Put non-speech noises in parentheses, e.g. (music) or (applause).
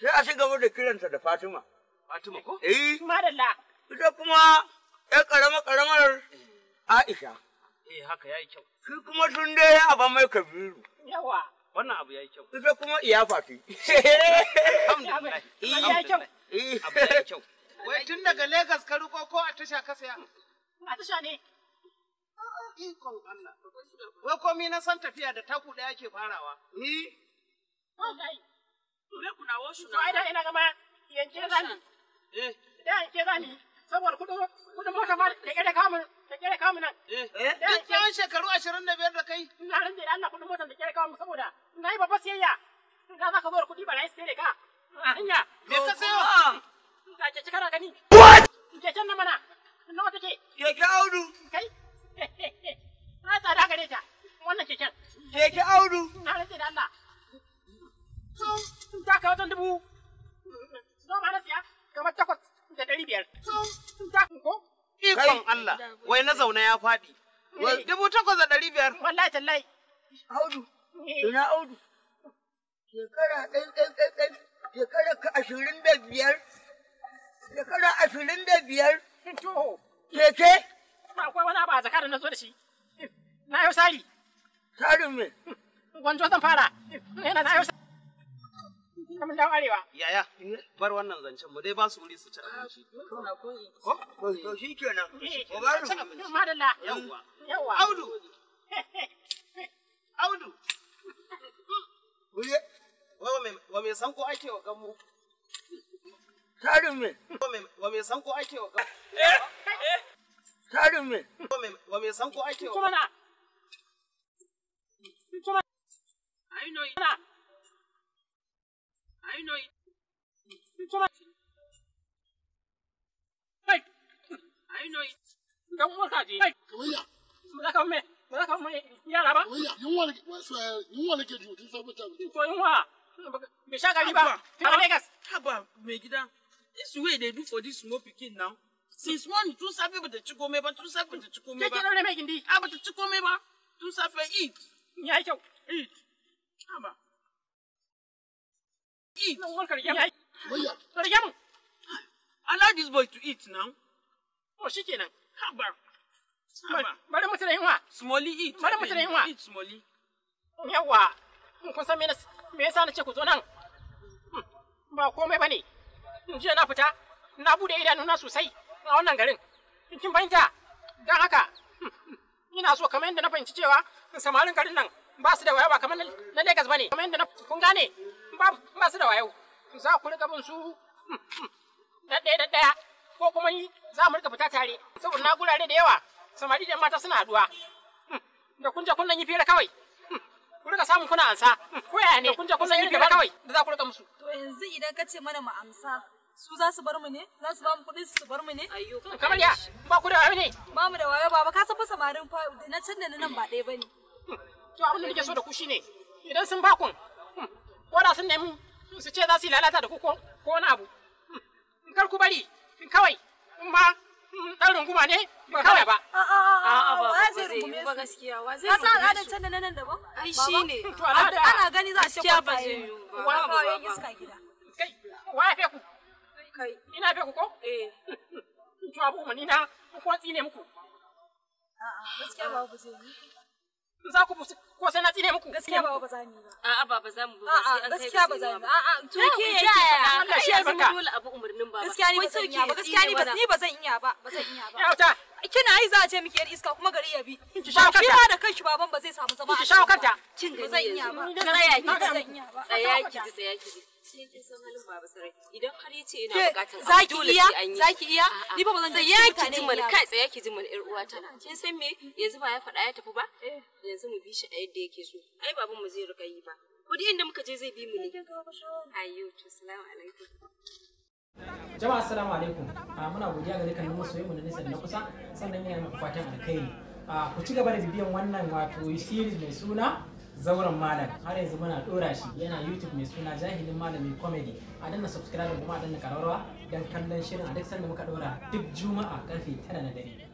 Sai a shiga gaba da kiransa da Fatima. Fatima ko? Eh. Madalla. Ita kuma ƴar ƙarama ƙaramar Aisha. Eh haka yayi kyau. Shi kuma tun dai ya aban mai Kabiru. Yawa. Wannan abu yayi kyau. Ita kuma iya ce. Alhamdulillah. Iya kyau. Eh. Abu yayi kyau. Wai tun daga Lagos ka ruko ko a tasha ka saya? A tasha ne. Ikon Allah. Wai komi na san tafiya da taku ɗaya ke farawa. Ni? Ba Me ku wasu na. Ai ina yanke zani. Eh. Da yanke zani. Saboda kudin kudin mota ma da kere kamun da kere kamun nan. Eh. eh. tsawon shekaru da kai. Ina ran da kudin mota da kere kamun saboda ina yi babba siyayya. za ka kudi ba na yi ka. Ah. Me ka sayo? keke kana gani. What? na mana. Keke Audu. Kai. Na (laughs) tsada ta. Wannan keken. Keke Audu. kusan dubu zo ba na siya kamar takwas da dari biyar. sun ta Ikon Allah, wai na zaune ya fadi Dubu takwas da dari biyar. Wallahi tallahi. Audu, ina Audu. Shekara ɗan ɗan ɗan ɗan shekara ka ashirin da biyar. Shekara ashirin da biyar. To. Keke. Akwai wani abu a zakarar na zo da shi. Na yau sari. sari me? Gwanjo zan fara. Yana na yau sari kamar dan arewa yaya bar wannan zancen mu dai ba su wuri su ci abinci ko to shi kenan eh, eh, ko ba su madalla yawa yawa audu (laughs) audu wa san ko ake wa me? Wa san ko ake wa me? Wa san ko ake wa Kuma na. Kuma na. Are you not eating? Are you not eating? Come on, Kaji. Come here. Come here. Come here. Come here. You want to get what's well, you want to get you. This is what I'm doing. For you are. Bishaka Liba. Tanagas. Haba, Megida. This way they do for this small picking now. Since one, two seven, but the chukumeba, two safe with the chukumeba. Take it on the making the. Ah, but the chukumeba, two safe eat. Yeah, eat. eat. No, what can you eat? Maya. What can Allow this boy to eat now. Oh, she can. Haba. Madam, Smolly eat. Eat smolly. Oh, mm, me me yasa na ce ku zo nan? Mm, ba komai na fita. Na bude idanuna sosai a wannan garin. Kin fahimta? Don haka, mm, ina so kamar yadda na fahimci cewa samarin garin nan ba su da wayawa ba kamar na Legas ba Kamar yadda na kun gane. ba su da wayo za ku riga bin su daɗaya hmm, hmm, daɗaya ko kuma ni za mu riga fita tare saboda na gurare da yawa samari da mata suna haɗuwa hmm, da kun je yi fira kawai ku riga samun kuna ansa ko ya ne kun je yi fira kawai da za ku riga musu to yanzu idan ka ce mana mu amsa su za su bar mu ne za su ba mu kuɗin su bar mu ne kamar ya ba ku da wayo ne ba mu da wayo baba ka san fa samarin fa na can da nan ba ɗaya bane to abin da nake so da ku shine idan sun ba kun ko da sun nemi su ce za su lalata da ku ko wani abu hmm. kar ku bari kawai in ma dan hmm, runguma ne ba kawai ba a'a ba zai rungume ba gaskiya wa zai rungume ka san al'adar nan da ba? ai shine to al'ada ana gani za a shi ba zai yi ba ba yin iska gida kai wa ya fe ku kai ina fe ku ko eh (laughs) to abu ni na ko tsine muku a'a gaskiya ba ku zai yi za ku musu ko sai na tsine muku gaskiya ba ba za mu ba a'a ba ba za mu ba sai an kai gaskiya ba za mu a'a to ke yake faɗa ka shi yanzu dole abu umurnin ba gaskiya ni ba zan iya ba gaskiya ni ba zan iya ba ba zan iya ba yauta kina yi za a ce miki yar iska kuma gari ya bi ki shawo da kanshi baban ba zai samu zama ki shawo kanta kin gani ba zan iya ba tsaya ki tsaya ki tsaya ki zaki iya zaki iya ni ba bazan sai yaki jimal kai tsaya ki jimal yar uwata kin san me yanzu ba ya faɗa ya tafi ba eh. yanzu mu bi shi a yadda yake so ai babu mu zai rika yi ba ko duk inda muka je zai bi mu ne ayyo to assalamu alaikum jama'a assalamu alaikum ah, muna godiya ga dukkanin masoyi mu na nisa na kusa sannan yana muku fatan alkhairi ah, ku ci gaba da bibiyan wannan wato series mai suna zauren malam har yanzu muna dora shi yana youtube mai suna jahilin malami comedy a danna subscribe kuma a danna kararwa don kallon shirin a duk sanda muka dora duk juma'a karfe 9 na dare